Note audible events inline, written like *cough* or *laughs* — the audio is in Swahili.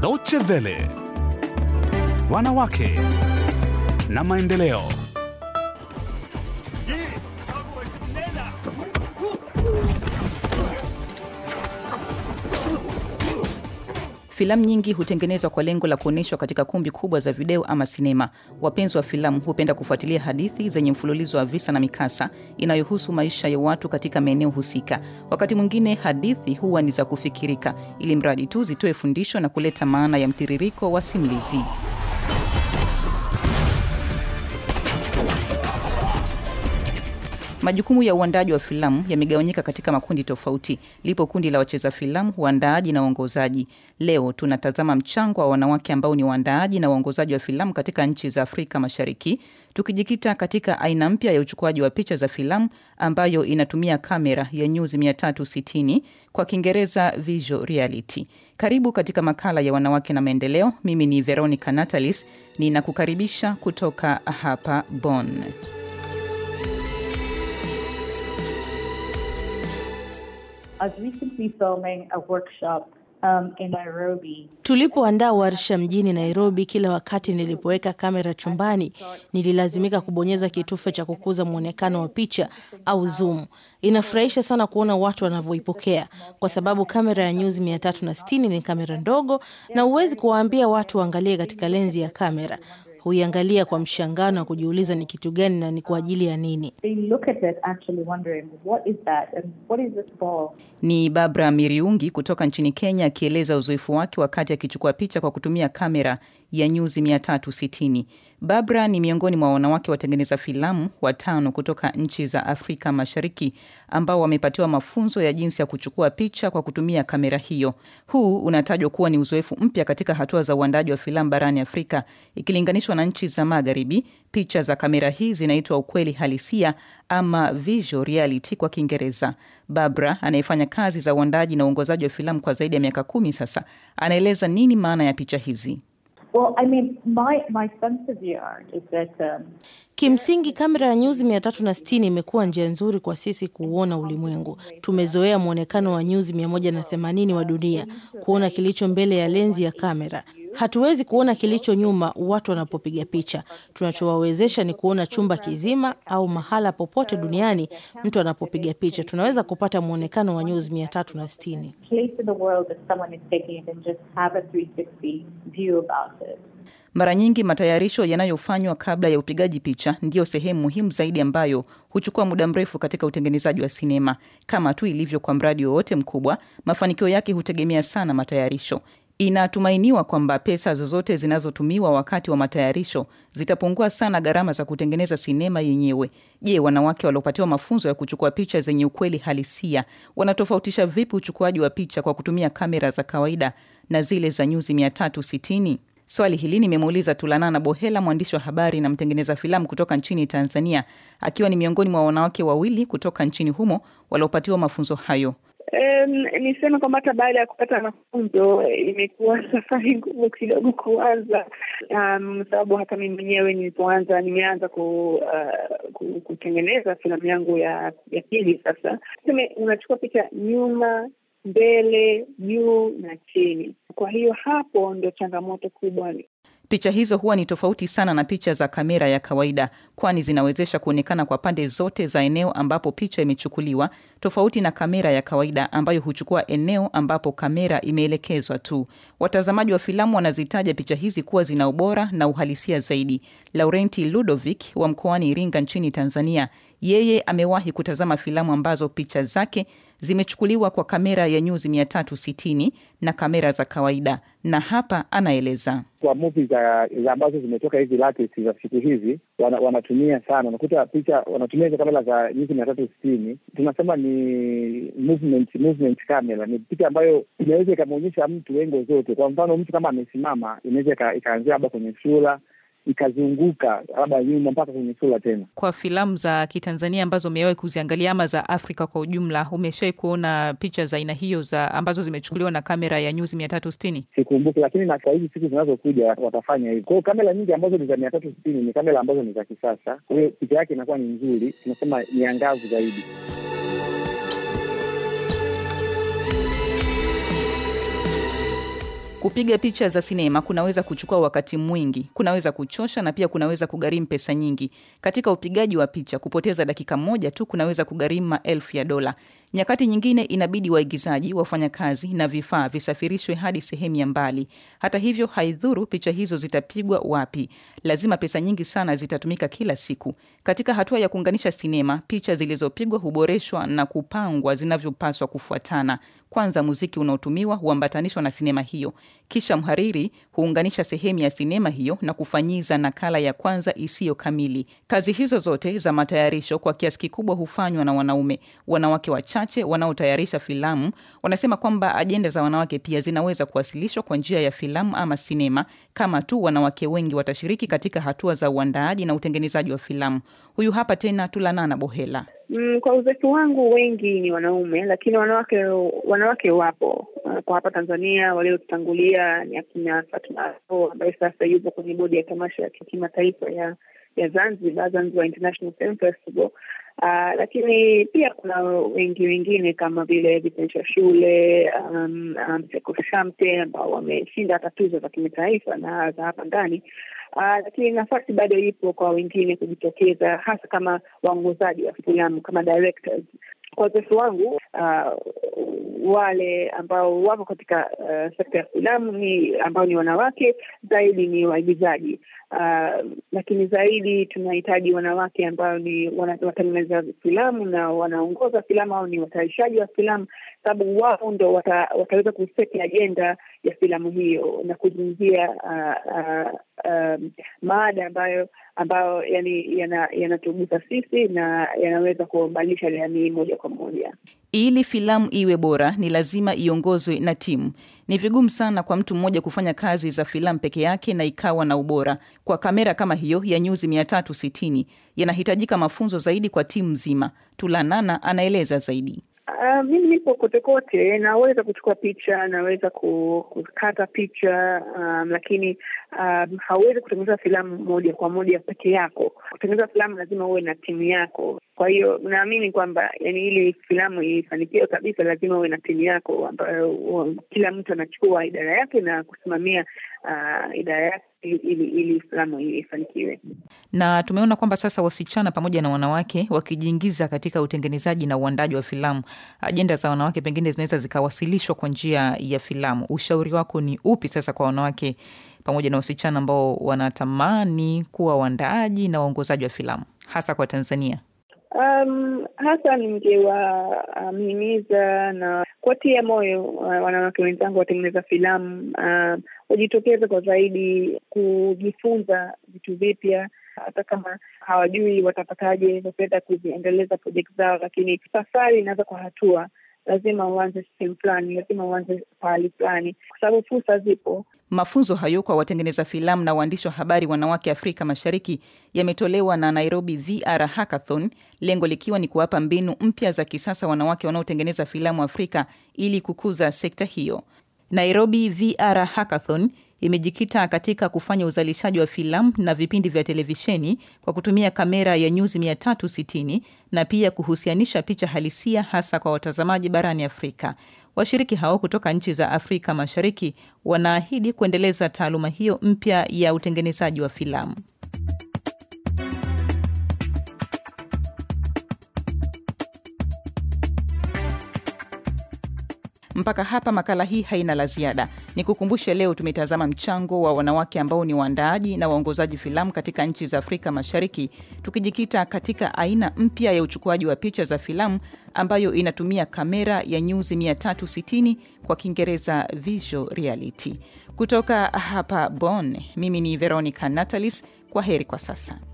Deutsche Welle, wanawake na maendeleo. Filamu nyingi hutengenezwa kwa lengo la kuonyeshwa katika kumbi kubwa za video ama sinema. Wapenzi wa filamu hupenda kufuatilia hadithi zenye mfululizo wa visa na mikasa inayohusu maisha ya watu katika maeneo husika. Wakati mwingine hadithi huwa ni za kufikirika, ili mradi tu zitoe fundisho na kuleta maana ya mtiririko wa simulizi. Majukumu ya uandaji wa filamu yamegawanyika katika makundi tofauti. Lipo kundi la wacheza filamu, waandaaji na waongozaji. Leo tunatazama mchango wa wanawake ambao ni waandaaji na waongozaji wa filamu katika nchi za Afrika Mashariki, tukijikita katika aina mpya ya uchukuaji wa picha za filamu ambayo inatumia kamera ya nyuzi 360 kwa Kiingereza visual reality. Karibu katika makala ya wanawake na maendeleo. Mimi ni Veronica Natalis, ninakukaribisha kutoka hapa Bonn. Um, Tulipoandaa warsha mjini Nairobi, kila wakati nilipoweka kamera chumbani, nililazimika kubonyeza kitufe cha kukuza mwonekano wa picha au zoom. Inafurahisha sana kuona watu wanavyoipokea, kwa sababu kamera ya nyuzi 360 ni kamera ndogo na huwezi kuwaambia watu waangalie katika lenzi ya kamera huiangalia kwa mshangano wa kujiuliza ni kitu gani na ni kwa ajili ya nini. Ni Babra Miriungi kutoka nchini Kenya akieleza uzoefu wake wakati akichukua picha kwa kutumia kamera ya nyuzi 360. Babra ni miongoni mwa wanawake watengeneza filamu watano kutoka nchi za Afrika Mashariki ambao wamepatiwa mafunzo ya jinsi ya kuchukua picha kwa kutumia kamera hiyo. Huu unatajwa kuwa ni uzoefu mpya katika hatua za uandaji wa filamu barani Afrika ikilinganishwa na nchi za Magharibi. Picha za kamera hii zinaitwa ukweli halisia ama visual reality kwa Kiingereza. Babra anayefanya kazi za uandaji na uongozaji wa filamu kwa zaidi ya miaka kumi sasa, anaeleza nini maana ya picha hizi. Well, I mean, my, my sense of is that, um, kimsingi kamera ya nyuzi 360 imekuwa njia nzuri kwa sisi kuuona ulimwengu. Tumezoea mwonekano wa nyuzi 180 wa dunia, kuona kilicho mbele ya lenzi ya kamera. Hatuwezi kuona kilicho nyuma watu wanapopiga picha. Tunachowawezesha ni kuona chumba kizima au mahala popote duniani mtu anapopiga picha, tunaweza kupata mwonekano wa nyuzi 360. Mara nyingi matayarisho yanayofanywa kabla ya upigaji picha ndiyo sehemu muhimu zaidi ambayo huchukua muda mrefu katika utengenezaji wa sinema. Kama tu ilivyo kwa mradi wowote mkubwa, mafanikio yake hutegemea sana matayarisho. Inatumainiwa kwamba pesa zozote zinazotumiwa wakati wa matayarisho zitapungua sana gharama za kutengeneza sinema yenyewe. Je, wanawake waliopatiwa mafunzo ya kuchukua picha zenye ukweli halisia wanatofautisha vipi uchukuaji wa picha kwa kutumia kamera za kawaida na zile za nyuzi 360? Swali hili nimemuuliza Tulanana Bohela, mwandishi wa habari na mtengeneza filamu kutoka nchini Tanzania, akiwa ni miongoni mwa wanawake wawili kutoka nchini humo waliopatiwa mafunzo hayo. Um, niseme kwamba hata baada ya kupata mafunzo eh, imekuwa *laughs* safari ngumu kidogo kuanza, um, sababu hata mimi mwenyewe nilipoanza, nimeanza ku, uh, kutengeneza filamu yangu ya ya pili. Sasa seme unachukua picha nyuma, mbele, juu na chini. Kwa hiyo hapo ndio changamoto kubwa. Picha hizo huwa ni tofauti sana na picha za kamera ya kawaida, kwani zinawezesha kuonekana kwa pande zote za eneo ambapo picha imechukuliwa tofauti na kamera ya kawaida ambayo huchukua eneo ambapo kamera imeelekezwa tu. Watazamaji wa filamu wanazitaja picha hizi kuwa zina ubora na uhalisia zaidi. Laurenti Ludovic wa mkoani Iringa nchini Tanzania, yeye amewahi kutazama filamu ambazo picha zake zimechukuliwa kwa kamera ya nyuzi mia tatu sitini na kamera za kawaida, na hapa anaeleza kwa muvi za, za ambazo zimetoka hizi latest za siku hizi wana, wanatumia sana, unakuta picha wanatumia hizo kamera za nyuzi mia tatu sitini tunasema ni movement movement camera ni picha ambayo inaweza ikamwonyesha mtu wengo zote. Kwa mfano, mtu kama amesimama, inaweza ikaanzia labda kwenye sura ikazunguka labda nyuma mpaka kwenye sura tena. Kwa filamu za Kitanzania ambazo umewahi kuziangalia ama za Afrika kwa ujumla, umeshawai kuona picha za aina hiyo za ambazo zimechukuliwa na kamera ya nyuzi mia tatu sitini? Sikumbuki, lakini na kwa hizi siku zinazokuja watafanya hivo kwao kamera nyingi ambazo ni za mia tatu sitini ni kamera ambazo ni za kisasa, kwa hiyo picha yake inakuwa ni nzuri, tunasema ni angavu zaidi. Kupiga picha za sinema kunaweza kuchukua wakati mwingi, kunaweza kuchosha na pia kunaweza kugharimu pesa nyingi. Katika upigaji wa picha, kupoteza dakika moja tu kunaweza kugharimu maelfu ya dola. Nyakati nyingine inabidi waigizaji, wafanya kazi na vifaa visafirishwe hadi sehemu ya mbali. Hata hivyo, haidhuru picha hizo zitapigwa wapi, lazima pesa nyingi sana zitatumika kila siku. Katika hatua ya kuunganisha sinema, picha zilizopigwa huboreshwa na kupangwa zinavyopaswa kufuatana. Kwanza muziki unaotumiwa huambatanishwa na sinema hiyo, kisha mhariri huunganisha sehemu ya sinema hiyo na kufanyiza nakala ya kwanza isiyo kamili. Kazi hizo zote za matayarisho kwa kiasi kikubwa hufanywa na wanaume. Wanawake wachache wachache wanaotayarisha filamu wanasema kwamba ajenda za wanawake pia zinaweza kuwasilishwa kwa njia ya filamu ama sinema, kama tu wanawake wengi watashiriki katika hatua za uandaaji na utengenezaji wa filamu. Huyu hapa tena Tulanana Bohela. Mm, kwa uzoefu wangu wengi ni wanaume, lakini wanawake wanawake wapo uh, kwa hapa Tanzania. Waliotutangulia ni akina Fatuma Arro ambaye sasa yupo kwenye bodi ya tamasha ya kimataifa ya ya Zanzibar, Zanzibar International Film Festival. Uh, lakini pia kuna wengi wengine kama vile Vitensha Shule, um, um, Seko Shamte ambao wameshinda hata tuzo za kimataifa na za hapa ndani. Uh, lakini nafasi bado ipo kwa wengine kujitokeza, hasa kama waongozaji wa filamu kama directors. Kwa uzoefu wangu uh, wale ambao wako katika uh, sekta ya filamu ni ambao ni wanawake zaidi ni waigizaji uh, lakini zaidi tunahitaji wanawake ambao ni wana, watengeneza filamu na wanaongoza filamu au ni watayarishaji wa filamu sababu wao ndo wata, wataweza kuseti ajenda ya filamu hiyo na kuzungumzia uh, uh, um, maada ambayo ambayo yani yanatugusa yana sisi na yanaweza kuambalisha jamii moja kwa moja. Ili filamu iwe bora, ni lazima iongozwe na timu. Ni vigumu sana kwa mtu mmoja kufanya kazi za filamu peke yake na ikawa na ubora. Kwa kamera kama hiyo ya nyuzi mia tatu sitini yanahitajika mafunzo zaidi kwa timu nzima. Tulanana anaeleza zaidi. Uh, mimi nipo kote kote, naweza kuchukua picha, naweza kukata picha um, lakini um, hauwezi kutengeneza filamu moja kwa moja peke yako. Kutengeneza filamu lazima uwe na timu yako. Kwa hiyo naamini kwamba yani, ili filamu ifanikiwe kabisa, lazima uwe na timu yako ambayo um, kila mtu anachukua idara yake na kusimamia uh, idara yake ili, ili, Islamu ifanikiwe. Na tumeona kwamba sasa wasichana pamoja na wanawake wakijiingiza katika utengenezaji na uandaji wa filamu, ajenda za wanawake pengine zinaweza zikawasilishwa kwa njia ya filamu. Ushauri wako ni upi sasa kwa wanawake pamoja na wasichana ambao wanatamani kuwa waandaaji na waongozaji wa filamu hasa kwa Tanzania? Um, hasa ningewahimiza na kuwatia moyo uh, wanawake wenzangu watengeneza filamu uh, wajitokeze kwa zaidi kujifunza vitu vipya hata kama hawajui watapataje wataweza kuziendeleza project zao, lakini safari inaweza kwa hatua lazima uanze sehemu fulani, lazima uanze pahali fulani, kwa sababu fursa zipo. Mafunzo hayo kwa watengeneza filamu na waandishi wa habari wanawake Afrika Mashariki yametolewa na Nairobi VR Hackathon, lengo likiwa ni kuwapa mbinu mpya za kisasa wanawake wanaotengeneza filamu Afrika ili kukuza sekta hiyo. Nairobi VR Hackathon imejikita katika kufanya uzalishaji wa filamu na vipindi vya televisheni kwa kutumia kamera ya nyuzi 360 na pia kuhusianisha picha halisia hasa kwa watazamaji barani Afrika. Washiriki hao kutoka nchi za Afrika Mashariki wanaahidi kuendeleza taaluma hiyo mpya ya utengenezaji wa filamu. Mpaka hapa makala hii haina la ziada. ni kukumbushe leo tumetazama mchango wa wanawake ambao ni waandaaji na waongozaji filamu katika nchi za Afrika Mashariki, tukijikita katika aina mpya ya uchukuaji wa picha za filamu ambayo inatumia kamera ya nyuzi 360 kwa Kiingereza visual reality. Kutoka hapa bon mimi ni Veronica Natalis. Kwa heri kwa sasa.